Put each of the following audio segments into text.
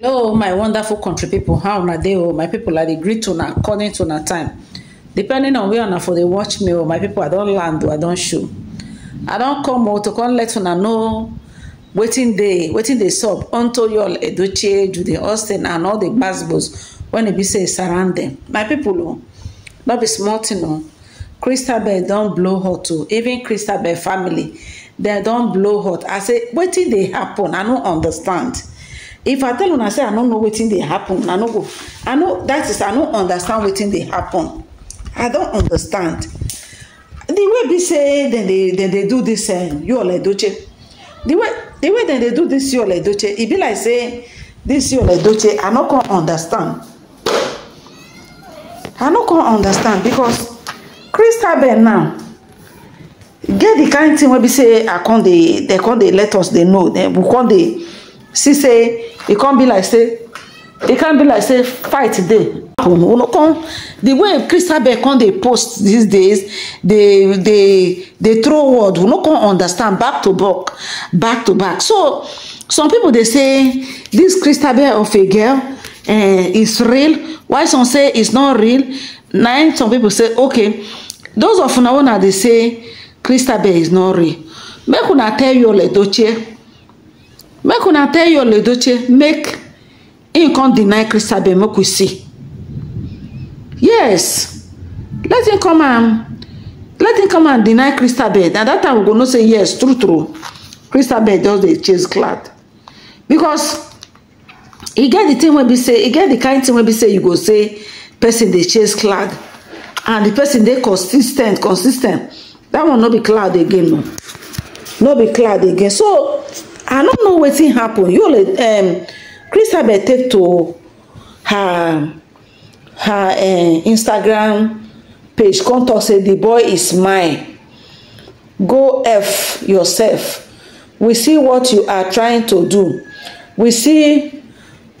hello my wonderful country people. how are they? o oh, my people i dey greet una according to na time depending on where una for dey watch me o oh, my people, i don't land o oh, i don't show i don't come o to come let una know wetin dey wetin dey sup unto yall edochie jude austin and all the gbasgbos when e be say e surround them. my people, o no be small tin o christabel don't blow hot o even christabel family they don't blow hot i say waiting, they happen i don't understand if i tell una say i no know wetin dey happen i no go i no that is i no understand wetin dey happen i don understand the way be say dem dey dem dey do this uh, eh, yool edoche the way the way dem dey do this yool edoche e be like say this yool edoche i no come understand i no come understand because christabel now get the kind thing wey be say i come dey dey come dey let us dey know dem we come dey see say e come be like say e come be like say fight dey happen come the way crystal come dey post these days dey dey dey throw word we no come understand back to back back to back so some people dey say this crystal of a girl uh, is real Why some say it's not real na some people say okay those of una una dey say crystal is not real make una tell yul doche." make una tell your ledoche make him come deny christabel make we see yes let him come and let him come and deny christabel na that time we go know say yes true true christabel just dey chase cloud because e get the thing wey be say e get the kind thing wey be say you go say person dey chase cloud and the person dey consis ten t consis ten t that one no be cloud again no no be cloud again so i don't know what happened. yule um, christabel take to her her uh, instagram page come talk say the boy is mine go f yourself we see what you are trying to do we see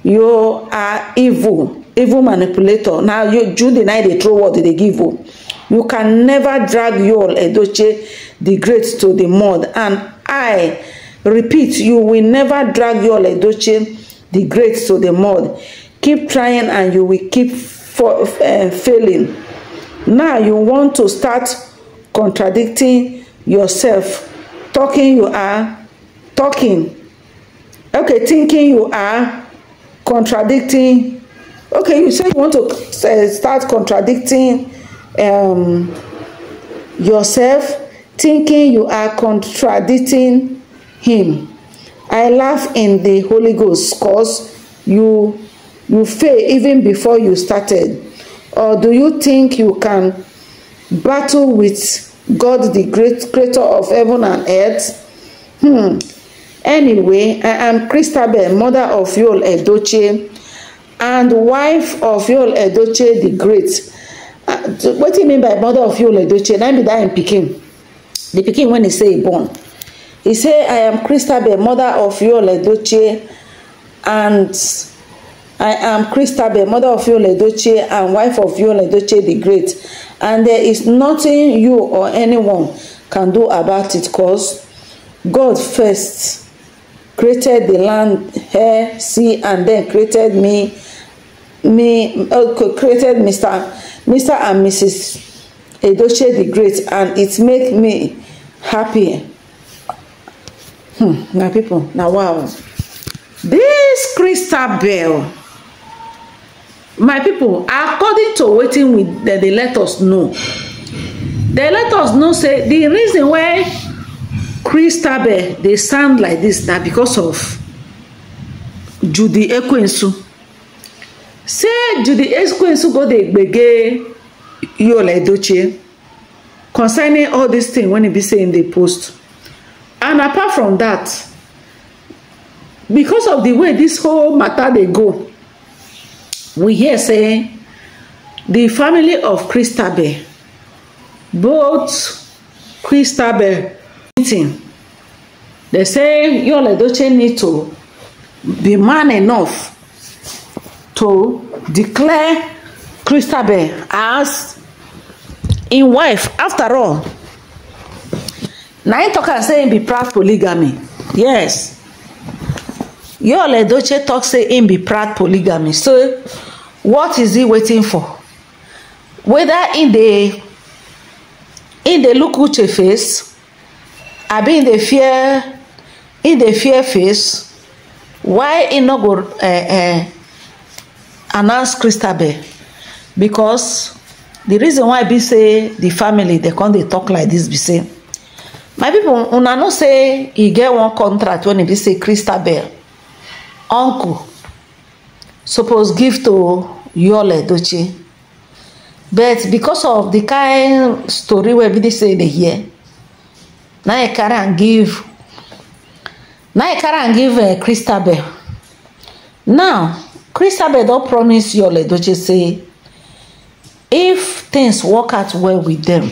you are evil evil manipulator Now you jude na dey throw word dey give o you can never drag yul edochie the great to the mud and i Repeat, you will never drag your Ledoche the great to the mud. Keep trying and you will keep for, uh, eh, failing. Now you want to start contradicting yourself, talking you are, talking. Okay, thinking you are contradicting. Okay, you say you want to uh, start contradicting um, yourself, thinking you are contradicting him i laugh in the holy ghost cause you you fail even before you started or do you think you can battle with god the great creator of heaven and earth hmm anyway i am christabel mother of Yol Edoche, and wife of Yol Edoche the great uh, you mean by mother of Yol Edoche? na be that im pikin the pikin when he say born He said, I am Christabel, mother of Yul Edochie, and I am Christabel, mother of Yul Edochie, and wife of Yul Edochie the Great. And there is nothing you or anyone can do about it, cause God first created the land, air, sea, and then created me, me, uh, created Mr. Mr. and Mrs. Edochie the Great, and it make me happy hmm, my people now wow this crystal bell my people according to waiting, we dem dey let us know They let us know say the reason why crystal bell dey sound like this now because of judy ekwensu say judy ekwensu go dey gbege yola edochie concerning all this thing when he be saying im e post and apart from that, because of the way this whole matter dey go we hear say the family of christabel both christabel meeting dey say yul edochie need to be man enough to declare christabel as im wife after all na him talk am say him be proud polygamy yes yul doche talk say him be proud polygamy so what is he waiting for whether him dey him dey look uche face abi him dey fear him dey fear face why he no go uh, uh, announce christabel because the reason why be say the family dey come dey talk like this be say my people, una know say e get one contract when e be say christabel uncle suppose give to yole doche but because of the kind story wey be say dey hear na e carry am give na e carry am give christabel eh, now christabel don promise yole doche say if things work out well with them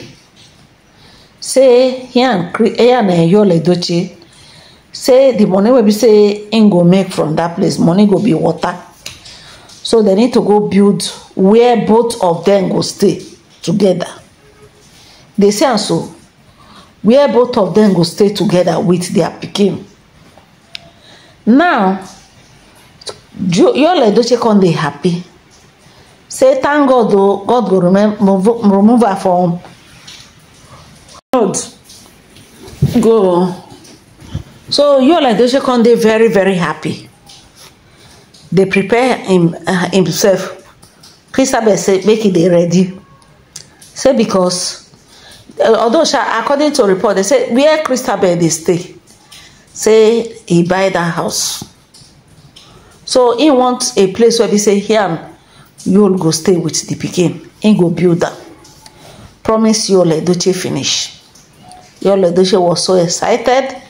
say he and eyo le doche say the money wey be say him go make from that place money go be water so they need to go build where both of them go stay together They say am so where both of them go stay together with their pikin now yole edoche come dey happy say thank god o god go remove her from world go so you yola edoche come dey very very happy They prepare him uh, himself christabel say make it dey ready say because uh, although sha according to report they say where christabel they stay say he buy that house so he wants a place where be say here you'll go stay with the pikin he go build that. promise yul edoche finish. Your Edochie was so excited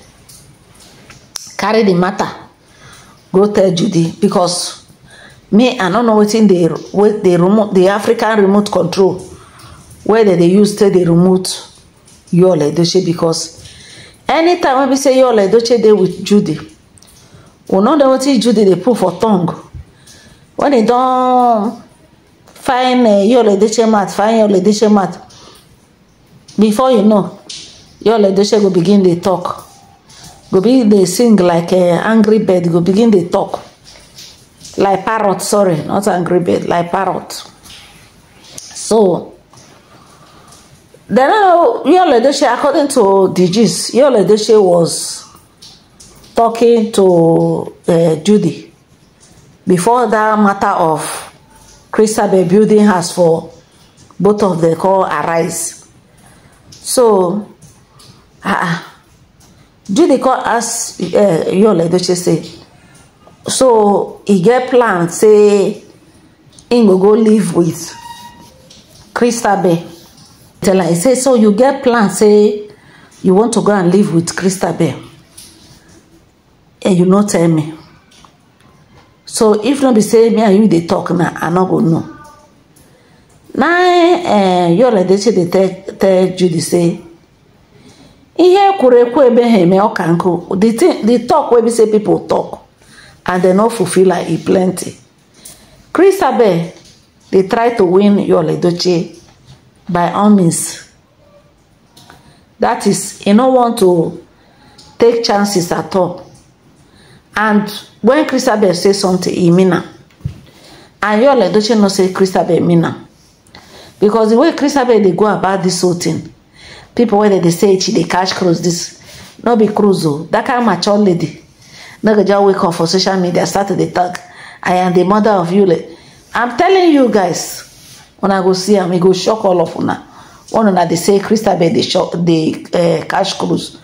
carry the matter go tell Judy because me i no know wetin dey wey dey remote the african remote control wey dem dey use take dey remote your Edochie because anytime wey be say your Edochie dey with Judy we no know wetin Judy dey put for tongue when e don find uh, eh, Yul Edochie mouth find your Edochie mouth before you know Your edoche go begin dey talk go begin dey sing like angry bird go begin dey talk like parrot sorry not angry bird like parrot so then your edoche according to the gist your edoche was talking to eh, judy before that matter of christabel building house for both of dem call arise so Ah, ah do dey come ask yul edoche say so he get plan say im go go live with christabel tell her he say so you get plan say you want to go and live with christabel and eh, you no tell me so if no be say me and you dey talk now i no go know na eh, yul edoche dey tell judy say ihe ekwuru ekwu ebeghị eme ọka nkụ the talk wey be say people talk and they no fulfill am e plenty christabel dey try to win yul by all means that is e no want to take chances at all and when christabel say something e mean am and yul edochie know say christabel mean am because the way christabel dey go about this whole thing people wey dey say she dey catch cruise this no be cruise o that kind mature lady no go just wake up for social media start to dey talk i am the mother of yule i'm telling you guys una go see am e go shock all of una one una dey say christabel dey shock dey eh, catch cruise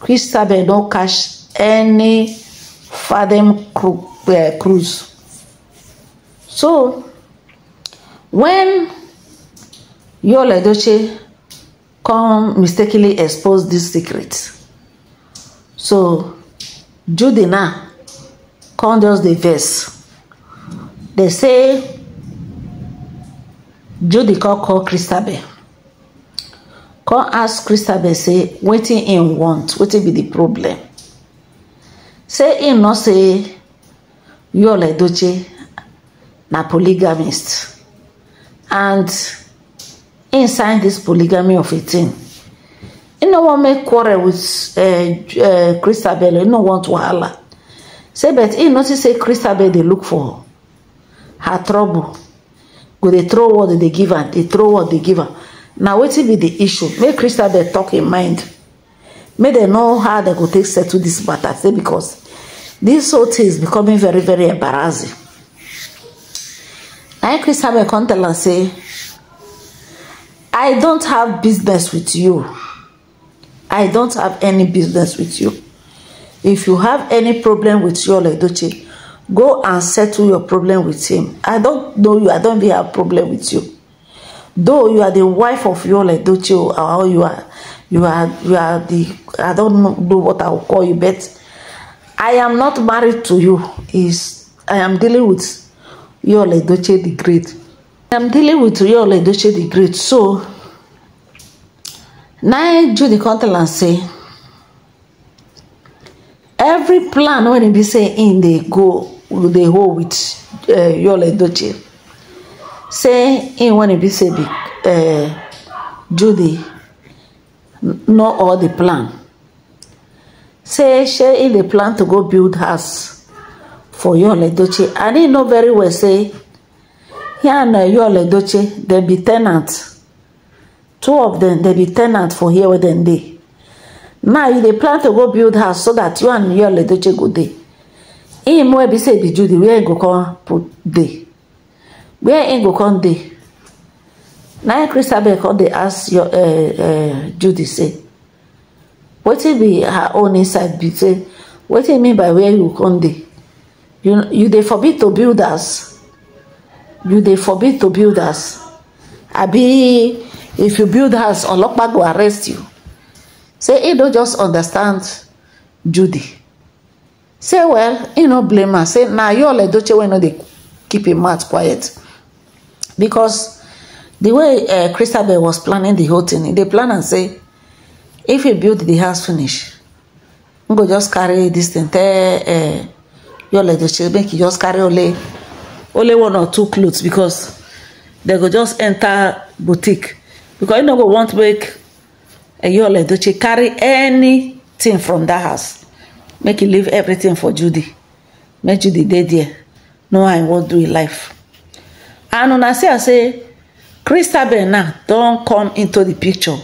christabel no catch any fathom eh, cruise so wen yole edoche come mistakenly expose this secret so Judena now come just dey vex dey say judy come call christabel come ask christabel say wetin im want wetin be di problem say im know say yul edochie na polygamist and inside this polygamy of a thing e no wan make quarrel with uh, uh, christabel You know want wahala say but e notice say christabel they look for her trouble go they throw what they give her, they throw what they give her. Now what will be the issue make christabel talk in mind May they know how they go take settle this matter say because this whole thing is becoming very very embarrassing na christabel come tell am say I don't have business with you. I don't have any business with you. If you have any problem with Yul Edochie, go and settle your problem with him. I don't know you. I don't really have problem with you. Though you are the wife of Yul Edochie or you are, you are, you are the. I don't know what I will call you, but I am not married to you. Is I am dealing with Yul Edochie the Great. I'm dealing with Oyolo Edochie the Great. So, now Judy and say, every plan when be say in they go, they go with uh, Oyolo Edochie. Say in when be say uh, eh, Judy know all the plan. Say she in the plan to go build house for Oyolo Edochie. I didn't know very well say here na Yul Edochie dem be ten ant two of dem dem be ten ant for here wey dem dey now you dey plan to go build house so that you and Yul Edochie go dey him wey be say be Judy where he go come put dey where he go come dey na him Christabel come dey ask your uh, uh, Judy say wetin be her own inside be say wetin you mean by where you come dey you you dey forbid to build house you dey forbid to build house abi if you build house ọlọ́pàá go arrest you say he no just understand judy say well he no blame am say na yall edoche wey no dey keep him mouth quiet because the way uh, christabel was planning the whole thing he dey plan am say if he build the house finish he go just carry this thing tell uh, eh, yall edoche make he just carry only only one or two clothes because they go just enter boutique because you no go want make a do she carry anything from that house make you leave everything for judy make judy dead there no I won't do in life and when I say I say christabel now don't come into the picture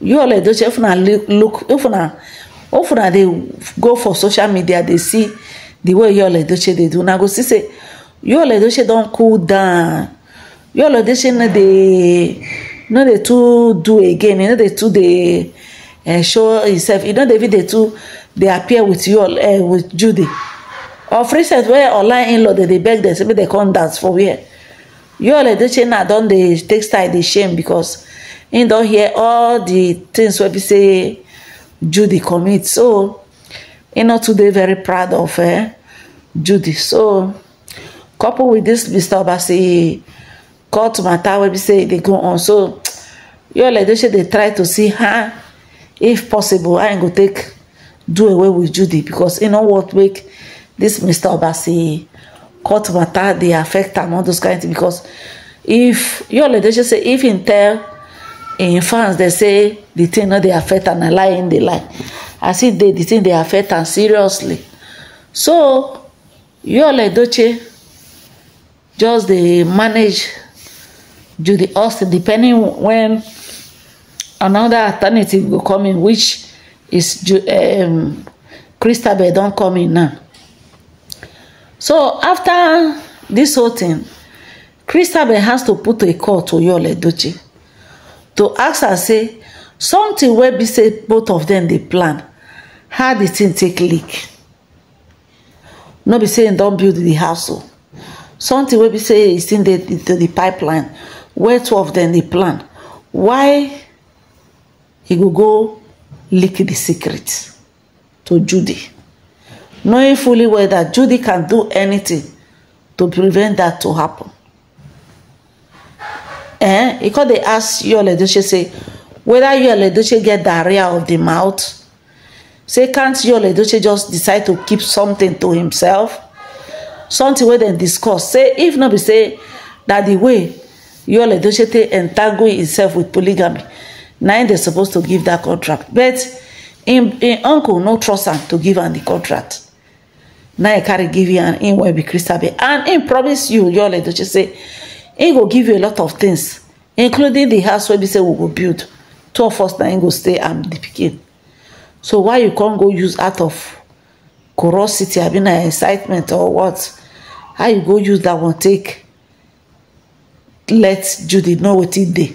eyole edoche if una look if una if una they go for social media they see the way eyole edoche they do now go see say your electricity don cool down your electricity no dey no dey to do again e no dey too dey uh, show himself. e no dey even to too appear with you uh, with judy Or for instance, where online in-law dey dey beg dem say make dem come dance for where your electricity na don dey take side dey shame because he don hear all the things wey be say judy commit so he no too dey very proud of eh, judy so. Couple with this disturbance e court matter wey be say e dey go on so yole edoche dey try to see how if possible how im e go take do away with judy because e no want make this mr obasi court matter dey affect am all those kind things because if yole edoche say if im e tell im e fans dey say the thing no dey affect am na lie im dey lie as e dey di thing dey affect am seriously so yole edoche just they manage the austin depending when another alternative will come in which is um, christabel not come in now so after this whole thing christabel has to put a call to yul edochie to ask her say something where be say both of them they plan how did thing take leak Not be saying don't build the house something wey be say e still dey the pipeline Where two of them dey plan why he go go leak the secret to judy knowing fully well that judy can do anything to prevent that to happen. eh He con dey ask yul edoche say whether yul edoche get diarrhea of the mouth say can't yul edoche just decide to keep something to himself something wey dem discuss say if no be say na the way yul edochete entangle himself with polygamy na im dey suppose to give that contract but im uncle no trust am to give am di contract na im carry give you and im wan be Christabel, and im promise you yul edoche say im go give you a lot of things including the house wey be say we go build two of us na im go stay and di pikin so why you con go use out of curiosity i mean uh, excitement or what how you go use that one take let judy know wetin dey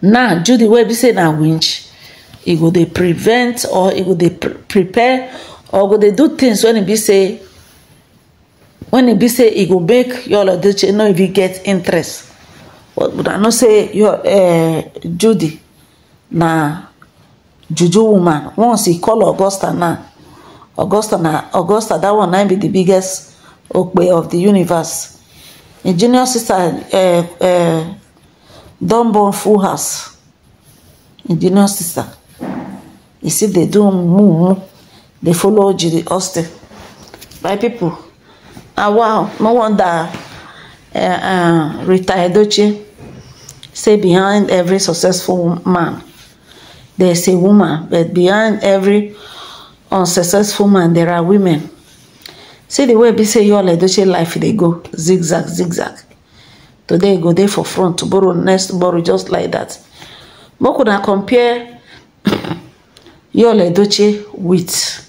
now judy wey be say na winch e go they prevent or e go dey prepare or go they do things when e be say when e be say e go make your know if even get interest What would i not say your eh, judy na juju woman once he call augusta now augusta na augusta that one na be the biggest okpe of the universe im junior sister eh, eh, don born full house im junior sister e still dey do mumu dey follow jiri austin my pipo and ah, wow no wonder rita eh, edoche say behind every successful man there's a woman but behind every unsuccessful man there are women see the way be say your edoche life dey go zigzag zigzag today go dey for front tomorrow next tomorrow just like that make una compare your edoche with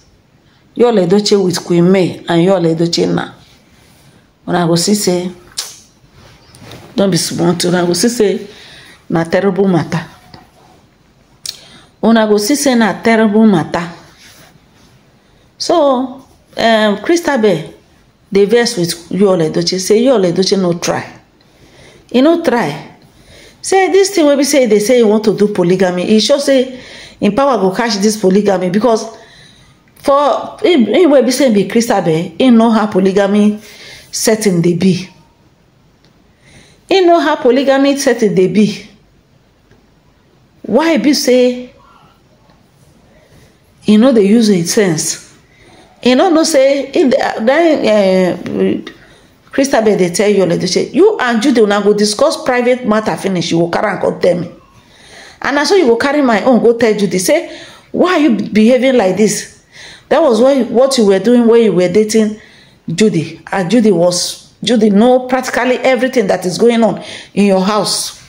your edoche with queen may and your edoche now una go see say no be small thing una go see say na terrible matter una go see say na terrible matter so um, christabel dey vex with yoole edochie say yoole edochie no try e no try say this thing wey be say e dey say e want to do polygamy e sure say im power go catch this polygamy because for im wey be say be christabel im e know how polygamy setting dey be im e know how polygamy setting dey be why e be say e no dey use im sense you no know say the then christabel eh, dey tell you olede say you and judy una go discuss private matter finish you go carry am come tell me and na so you go carry my own go tell judy say why you behaving like this? that was what you were doing when you were dating judy and judy was judy know practically everything that is going on in your house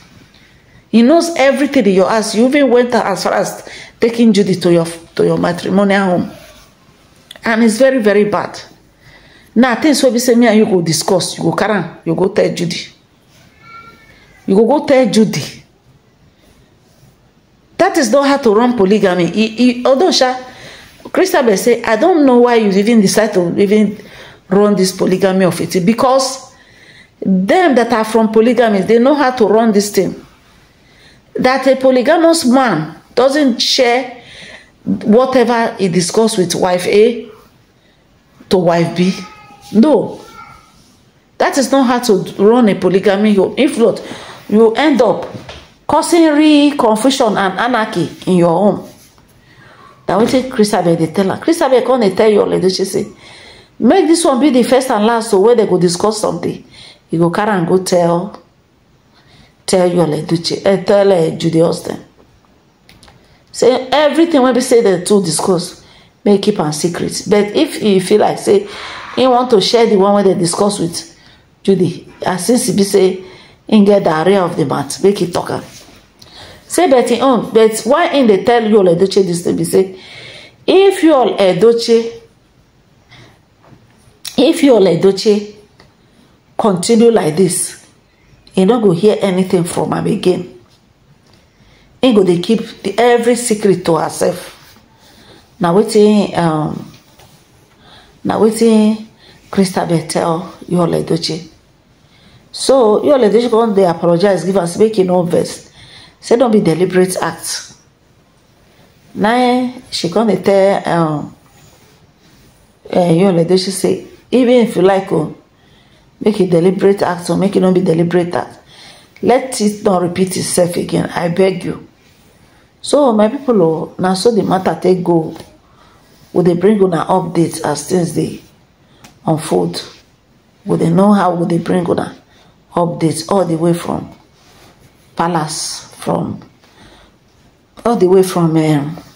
he knows everything in your house you even went as far as taking judy to your to your matrimonial home and it's very very bad Now things wey be say me and you go discuss you go carry am you go tell judy you go go tell judy that is not how to run polygamy e e although sha christabel say i don't know why you even decide to even run this polygamy of it. because them that are from polygamy they know how to run this thing that a polygamous man doesn't share whatever he discuss with wife A eh? to wife be no that is not how to run a polygamy home if not you end up causing real confusion and anarchy in your home na wetin christabel dey tell am christabel come dey tell your lady she say make this one be the first and last so wey dem go discuss something you go carry am go tell tell your leduce Eh, tell uh, judy austin say everything wey be say dem two discuss May keep am secret but if e feel like say e want to share the one wey dem discuss with judy and since e be say im get the area of the mat make e talk am say but im own but why im dey tell yul edoche dis thing be say if yul edoche if yul edoche continue like this, e no go hear anything from am again im go dey keep the every secret to herself na wetin um, na wetin christabel tell yul edochie so yul edochie come dey apologize give am say make e no vex say don be deliberate act na she come dey tell um, uh, eh, yul edochie say even if you like o oh, make e deliberate act o oh, make e no be deliberate act let it not repeat itself again i beg you so my people oh now, so the matter take go we they bring on an update as things they unfold we they know how we they bring on an update all the way from palace from all the way from um,